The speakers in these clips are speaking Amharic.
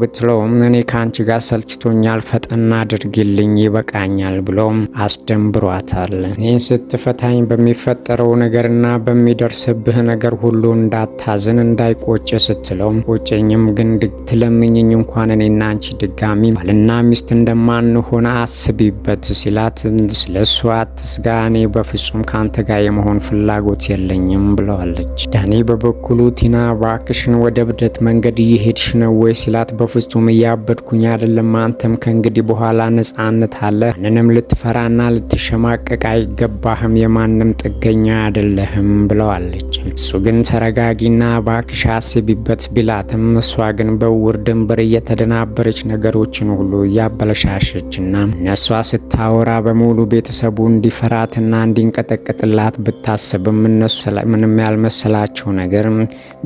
ብትለውም እኔ ከአንቺ ጋር ሰልችቶኛል፣ ፈጠና አድርግልኝ፣ ይበቃኛል ብሎም አስደንብሯታል። እኔን ስትፈታኝ በሚፈጠረው ነገርና በሚደርስብህ ነገር ሁሉ እንዳታዝን እንዳይቆጭ ስትለውም ቆጨኝም፣ ግን ትለምኝኝ እንኳን እኔና አንቺ ድጋሚ ባልና ሚስት እንደማንሆነ አስቢበት ሲላት ስለ አትስጋ፣ እኔ በፍጹም ከአንተ ጋር የመሆን ፍላጎት የለኝም ብለዋለች። ዳኔ በበኩሉ ቲና ባክሽን ወደ መንገድ እየሄድሽ ነው ወይ ሲላት ፍጹም እያበድኩኝ አይደለም። አንተም ከእንግዲህ በኋላ ነጻነት አለ። ማንንም ልትፈራና ልትሸማቀቅ አይገባህም። የማንም ጥገኛ አይደለህም ብለዋለች። እሱ ግን ተረጋጊና ባክሽ አስቢበት ቢላትም እሷ ግን በውር ድንብር እየተደናበረች ነገሮችን ሁሉ እያበለሻሸችና እነሷ ስታወራ በሙሉ ቤተሰቡ እንዲፈራትና እንዲንቀጠቀጥላት ብታስብም እነሱ ምንም ያልመሰላቸው ነገር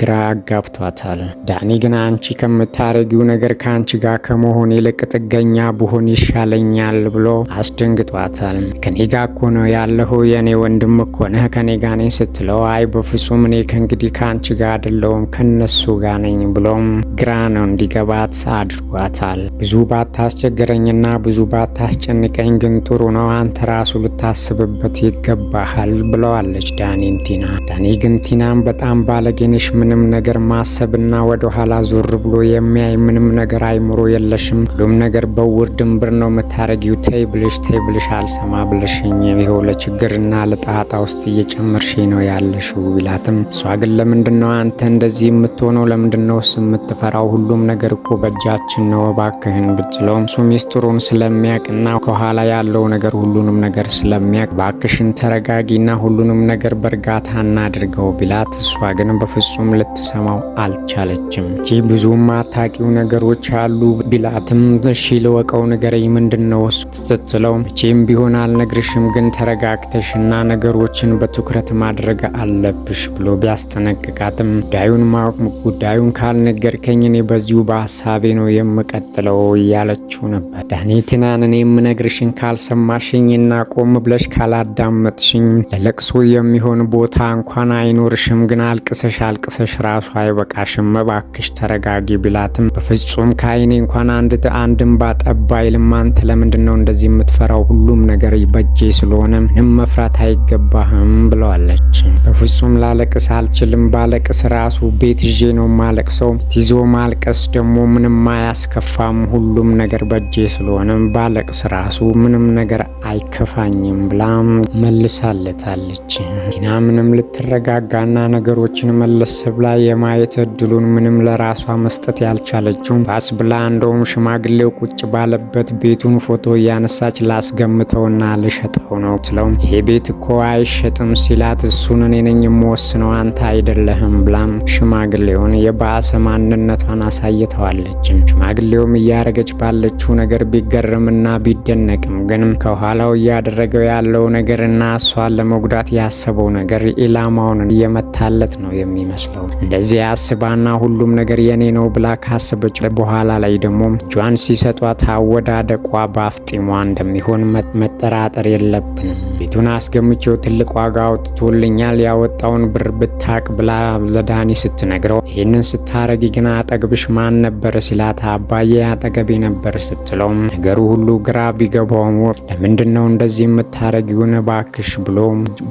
ግራ አጋብቷታል። ዳኒ ግን አንቺ ከምታረጊው ነገር ከአንቺ ጋር ከመሆን ይልቅ ጥገኛ ብሆን ይሻለኛል ብሎ አስደንግጧታል። ከኔ ጋ እኮ ነው ያለሁ የእኔ ወንድም እኮ ነህ፣ ከኔ ጋ ነኝ ስትለው አይ በፍጹም እኔ ከእንግዲህ ከአንቺ ጋ አይደለሁም ከነሱ ጋ ነኝ ብሎም ግራ ነው እንዲገባት አድርጓታል። ብዙ ባታስቸግረኝና ብዙ ባታስጨንቀኝ ግን ጥሩ ነው አንተ ራሱ ልታስብበት ይገባሃል ብለዋለች ዳኒን ቲና። ዳኒ ግን ቲናም በጣም ባለጌነሽ ምንም ነገር ማሰብና ወደኋላ ዞር ብሎ የሚያይ ምን ምንም ነገር አይምሮ የለሽም፣ ሁሉም ነገር በውር ድንብር ነው የምታረጊው። ተይ ብልሽ ተይ ብልሽ አልሰማ ብለሽኝ ይኸው ለችግርና ለጣጣ ውስጥ እየጨመርሽ ነው ያለሽው ቢላትም፣ እሷ ግን ለምንድን ነው አንተ እንደዚህ የምትሆነው? ለምንድን ነው የምትፈራው? ሁሉም ነገር እኮ በእጃችን ነው እባክህን ብትለውም እሱ ሚስጥሩን ስለሚያቅና ከኋላ ያለው ነገር ሁሉንም ነገር ስለሚያቅ እባክሽን ተረጋጊና ሁሉንም ነገር በእርጋታ እናድርገው ቢላት፣ እሷ ግን በፍጹም ልትሰማው አልቻለችም። ይህ ብዙም አታቂው ነገር ነገሮች አሉ ቢላትም እሺ ልወቀው ንገረኝ ምንድን ነው ስትለው መቼም ቢሆን አልነግርሽም፣ ግን ተረጋግተሽና ነገሮችን በትኩረት ማድረግ አለብሽ ብሎ ቢያስጠነቅቃትም ጉዳዩን ማወቅ ጉዳዩን ካልነገርከኝ እኔ በዚሁ በሀሳቤ ነው የምቀጥለው እያለችው ነበር። ዳኒ ቲናን እኔ የምነግርሽን ካልሰማሽኝና ቆም ብለሽ ካላዳመጥሽኝ ለለቅሶ የሚሆን ቦታ እንኳን አይኖርሽም፣ ግን አልቅሰሽ አልቅሰሽ ራሱ አይበቃሽም፣ እባክሽ ተረጋጊ ቢላትም ፍጹም ከአይኔ እንኳን አንድ አንድም እንባ ጠባ ለምንድን ነው እንደዚህ የምትፈራው? ሁሉም ነገር በጄ ስለሆነ ምንም መፍራት አይገባህም ብለዋለች። በፍጹም ላለቅስ አልችልም። ባለቅስ ራሱ ቤት ይዤ ነው ማለቅሰው። ይዞ ማልቀስ ደግሞ ምንም አያስከፋም። ሁሉም ነገር በጄ ስለሆነ ባለቅስ ራሱ ምንም ነገር አይከፋኝም ብላም መልሳለታለች። ቲና ምንም ልትረጋጋና ነገሮችን መለስ ብላ የማየት እድሉን ምንም ለራሷ መስጠት ያልቻለች ያለችው ባስ ብላ እንደውም ሽማግሌው ቁጭ ባለበት ቤቱን ፎቶ እያነሳች ላስገምተውና ልሸጠው ነው ስለውም ይሄ ቤት እኮ አይሸጥም ሲላት እሱን እኔ ነኝ የምወስነው አንተ አይደለህም ብላም ሽማግሌውን የባሰ ማንነቷን አሳይተዋለችም። ሽማግሌውም እያረገች ባለችው ነገር ቢገረምና ቢደነቅም ግን ከኋላው እያደረገው ያለው ነገርና እሷን ለመጉዳት ያሰበው ነገር ኢላማውን እየመታለት ነው የሚመስለው። እንደዚህ አስባና ሁሉም ነገር የኔ ነው ብላ ካስብ ካቀረበች በኋላ ላይ ደግሞ እጇን ሲሰጧት አወዳደቋ በአፍጢሟ እንደሚሆን መጠራጠር የለብንም። ቤቱን አስገምቼው ትልቅ ዋጋ አውጥቶልኛል ያወጣውን ብር ብታቅ ብላ ለዳኒ ስትነግረው ይህንን ስታረጊ ግን አጠገብሽ ማን ነበር ሲላት አባዬ አጠገቤ ነበር ስትለው ነገሩ ሁሉ ግራ ቢገባውም ለምንድን ነው እንደዚህ የምታረጊውን ባክሽ ብሎ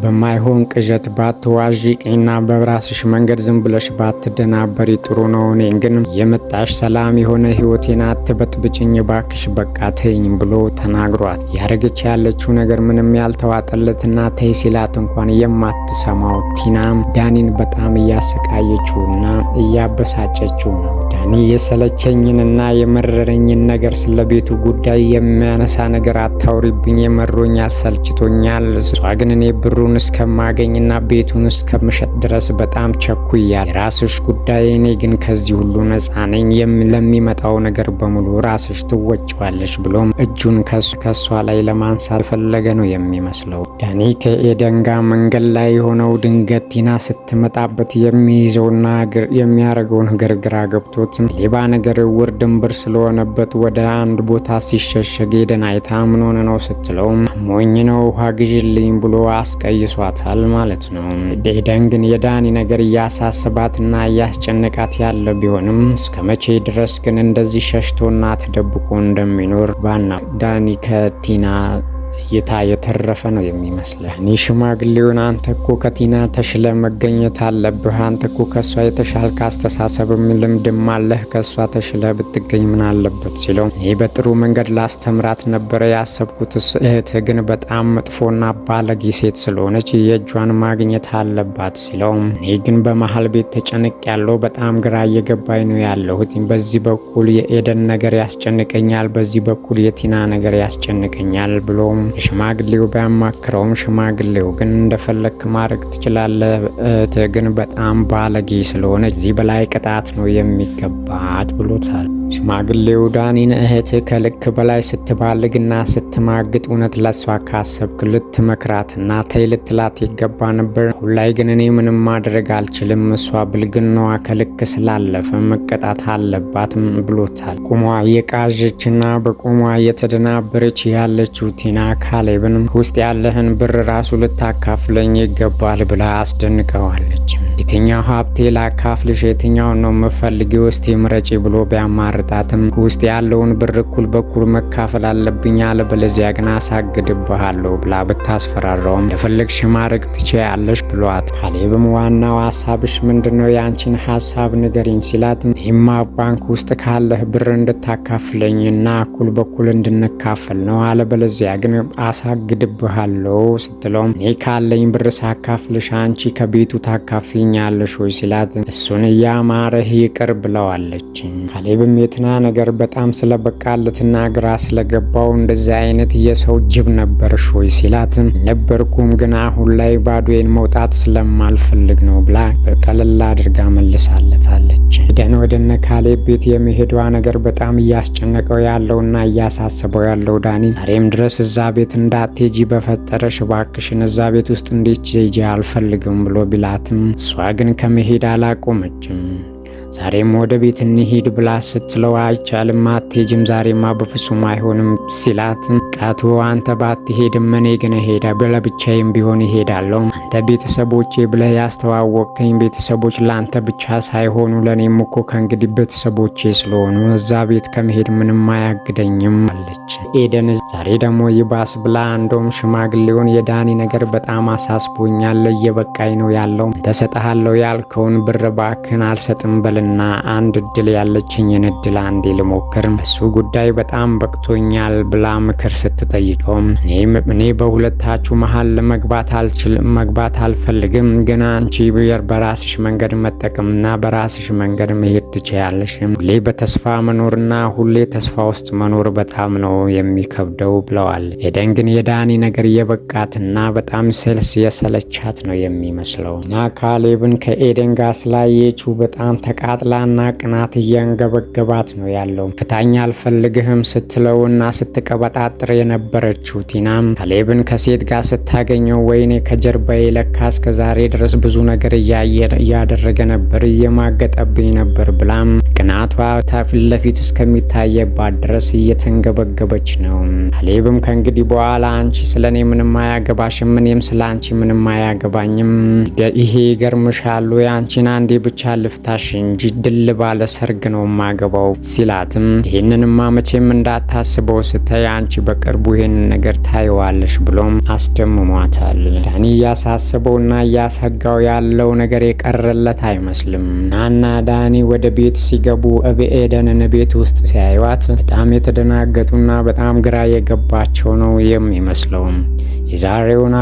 በማይሆን ቅዠት ባትዋዥቂና በራስሽ መንገድ ዝም ብለሽ ባትደናበሪ ጥሩ ነው። እኔ ግን የመጣሽ ሰላም የሆነ ህይወቴን አትበጥብጭኝ ባክሽ በቃ ተይኝ ብሎ ተናግሯል። ያደረገች ያለችው ነገር ምንም ያልተዋጠለትና ተይ ሲላት እንኳን የማትሰማው ቲናም ዳኒን በጣም እያሰቃየችውና እያበሳጨችው ነው። ዳኒ የሰለቸኝንና የመረረኝን ነገር ስለ ቤቱ ጉዳይ የሚያነሳ ነገር አታውሪብኝ፣ የመሮኛል፣ ሰልችቶኛል። እሷ ግን እኔ ብሩን እስከማገኝና ቤቱን እስከምሸጥ ድረስ በጣም ቸኩያል። የራስሽ ጉዳይ፣ እኔ ግን ከዚህ ሁሉ ነጻ ነኝ። ለሚመጣው ነገር በሙሉ ራስሽ ትወጭዋለሽ ብሎም እጁን ከእሷ ላይ ለማንሳት የፈለገ ነው የሚመስለው። ዳኒ ከኤደን ጋር መንገድ ላይ የሆነው ድንገት ቲና ስትመጣበት የሚይዘውና የሚያደርገውን ግርግራ ገብቶ ሩትም ሌባ ነገር እውር ድንብር ስለሆነበት ወደ አንድ ቦታ ሲሸሸግ ሄደን አይታ ምን ሆነ ነው ስትለውም ሞኝ ነው ውሃ ግዥልኝ ብሎ አስቀይሷታል ማለት ነው። ሄደን ግን የዳኒ ነገር እያሳስባትና እያስጨነቃት ያለ ቢሆንም እስከ መቼ ድረስ ግን እንደዚህ ሸሽቶና ተደብቆ እንደሚኖር ባና ዳኒ ከቲና እይታ የተረፈ ነው የሚመስልህ። እኔ ሽማግሌውን አንተ እኮ ከቲና ተሽለ መገኘት አለብህ፣ አንተ እኮ ከእሷ የተሻልከ አስተሳሰብም ልምድም አለህ፣ ከእሷ ተሽለ ብትገኝ ምን አለበት ሲለው እኔ በጥሩ መንገድ ላስተምራት ነበረ ያሰብኩት። እህትህ ግን በጣም መጥፎና ባለጌ ሴት ስለሆነች የእጇን ማግኘት አለባት ሲለው እኔ ግን በመሀል ቤት ተጨንቅ ያለው በጣም ግራ እየገባኝ ነው ያለሁት። በዚህ በኩል የኤደን ነገር ያስጨንቀኛል፣ በዚህ በኩል የቲና ነገር ያስጨንቀኛል ብሎም ሽማግሌው ቢያማክረውም ሽማግሌው ግን እንደፈለግክ ማድረግ ትችላለህ፣ እህትህ ግን በጣም ባለጌ ስለሆነች እዚህ በላይ ቅጣት ነው የሚገባት ብሎታል። ሽማግሌው ዳኒን እህት ከልክ በላይ ስትባልግና ስትማግጥ እውነት ለሷ ካሰብክ ልትመክራትና ተይ ልትላት ይገባ ነበር። አሁን ላይ ግን እኔ ምንም ማድረግ አልችልም፣ እሷ ብልግናዋ ከልክ ስላለፈ መቀጣት አለባትም ብሎታል። ቁሟ የቃዠችና በቁሟ የተደናበረች ያለችው ቲና ካሌብን ውስጥ ያለህን ብር ራሱ ልታካፍለኝ ይገባል ብላ አስደንቀዋለች። የትኛው ሀብቴ ላካፍልሽ፣ የትኛውን ነው መፈልጊ ውስጥ ምረጪ ብሎ ቢያማር አላቋርጣትም። ውስጥ ያለውን ብር እኩል በኩል መካፈል አለብኝ፣ በለዚያ ግን አሳግድብሃለሁ ብላ ብታስፈራራውም ለፈለግሽ ማድረግ ትችያለሽ ብሏት፣ ካሌብም ዋናው ሀሳብሽ ምንድነው? የአንቺን ሀሳብ ንገሪኝ ሲላት ይማ ባንክ ውስጥ ካለህ ብር እንድታካፍለኝ እና እኩል በኩል እንድንካፈል ነው፣ አለ። በለዚያ ግን አሳግድብሃለሁ ስትለውም እኔ ካለኝ ብር ሳካፍልሽ አንቺ ከቤቱ ታካፍኛለሽ ወይ ሲላት እሱን እያማረህ ይቅር ብለዋለች። ካሌብም የትና ነገር በጣም ስለበቃለትና ግራ ስለገባው እንደዚህ አይነት የሰው ጅብ ነበርሽ ወይ ሲላትም ነበርኩም፣ ግን አሁን ላይ ባዶዬን መውጣት ስለማልፈልግ ነው ብላ ቀለል አድርጋ መልሳለታለች። ደን ወደነ ካሌብ ቤት የመሄዷ ነገር በጣም እያስጨነቀው ያለውና እያሳሰበው ያለው ዳኒ ዛሬም ድረስ እዛ ቤት እንዳትሄጂ በፈጠረሽ እባክሽን እዛ ቤት ውስጥ እንዴት ሄጂ አልፈልግም ብሎ ቢላትም እሷ ግን ከመሄድ አላቆመችም። ዛሬም ወደ ቤት እንሂድ ብላ ስትለው አይቻልም፣ አትሄጅም፣ ዛሬማ በፍጹም አይሆንም ሲላት ቃቱ አንተ ባትሄድም እኔ ግን ሄዳ ብለ ብቻዬም ቢሆን ይሄዳለሁ። አንተ ቤተሰቦቼ ብለ ያስተዋወቅከኝ ቤተሰቦች ለአንተ ብቻ ሳይሆኑ ለእኔም እኮ ከእንግዲህ ቤተሰቦቼ ስለሆኑ እዛ ቤት ከመሄድ ምንም አያግደኝም አለች ኤደን። ዛሬ ደግሞ ይባስ ብላ እንደውም ሽማግሌውን የዳኒ ነገር በጣም አሳስቦኛል፣ እየበቃኝ ነው ያለው፣ ተሰጠሃለሁ ያልከውን ብር እባክህን አልሰጥም በል እና አንድ እድል ያለችኝን እድል አንዴ ልሞክር፣ እሱ ጉዳይ በጣም በቅቶኛል ብላ ምክር ስትጠይቀውም እኔ በሁለታችሁ መሀል መግባት አልችልም፣ መግባት አልፈልግም። ግን አንቺ በራስሽ መንገድ መጠቀምና በራስሽ መንገድ መሄድ ትችያለሽ። ሁሌ በተስፋ መኖርና ሁሌ ተስፋ ውስጥ መኖር በጣም ነው የሚከብደው ብለዋል። ኤደን ግን የዳኒ ነገር የበቃትና በጣም ሴልስ የሰለቻት ነው የሚመስለው እና ካሌብን ከኤደን ጋር ስላየችው በጣም ተቃ ተቃጥላና ቅናት እያንገበገባት ነው ያለው። ፍታኝ አልፈልግህም ስትለውና ስትቀበጣጥር የነበረችው ቲናም ካሌብን ከሴት ጋር ስታገኘው ወይኔ ከጀርባዬ ለካ እስከ ዛሬ ድረስ ብዙ ነገር እያደረገ ነበር እየማገጠብኝ ነበር ብላም ቅናቷ ፊት ለፊት እስከሚታየባት ድረስ እየተንገበገበች ነው። ካሌብም ከእንግዲህ በኋላ አንቺ ስለ እኔ ምንም አያገባሽም፣ እኔም ስለ አንቺ ምንም አያገባኝም። ይሄ ይገርምሻሉ የአንቺን አንዴ ብቻ ልፍታሽኝ እንጂ ድል ባለ ሰርግ ነው ማገባው ሲላትም ይህንንማ መቼም እንዳታስበው ስታይ አንቺ በቅርቡ ይህንን ነገር ታየዋለሽ ብሎም አስደምሟታል። ዳኒ እያሳሰበውና እያሰጋው ያለው ነገር የቀረለት አይመስልም። ናና ዳኒ ወደ ቤት ሲገቡ ኤደንን ቤት ውስጥ ሲያዩዋት በጣም የተደናገጡና በጣም ግራ የገባቸው ነው የሚመስለውም የዛሬውን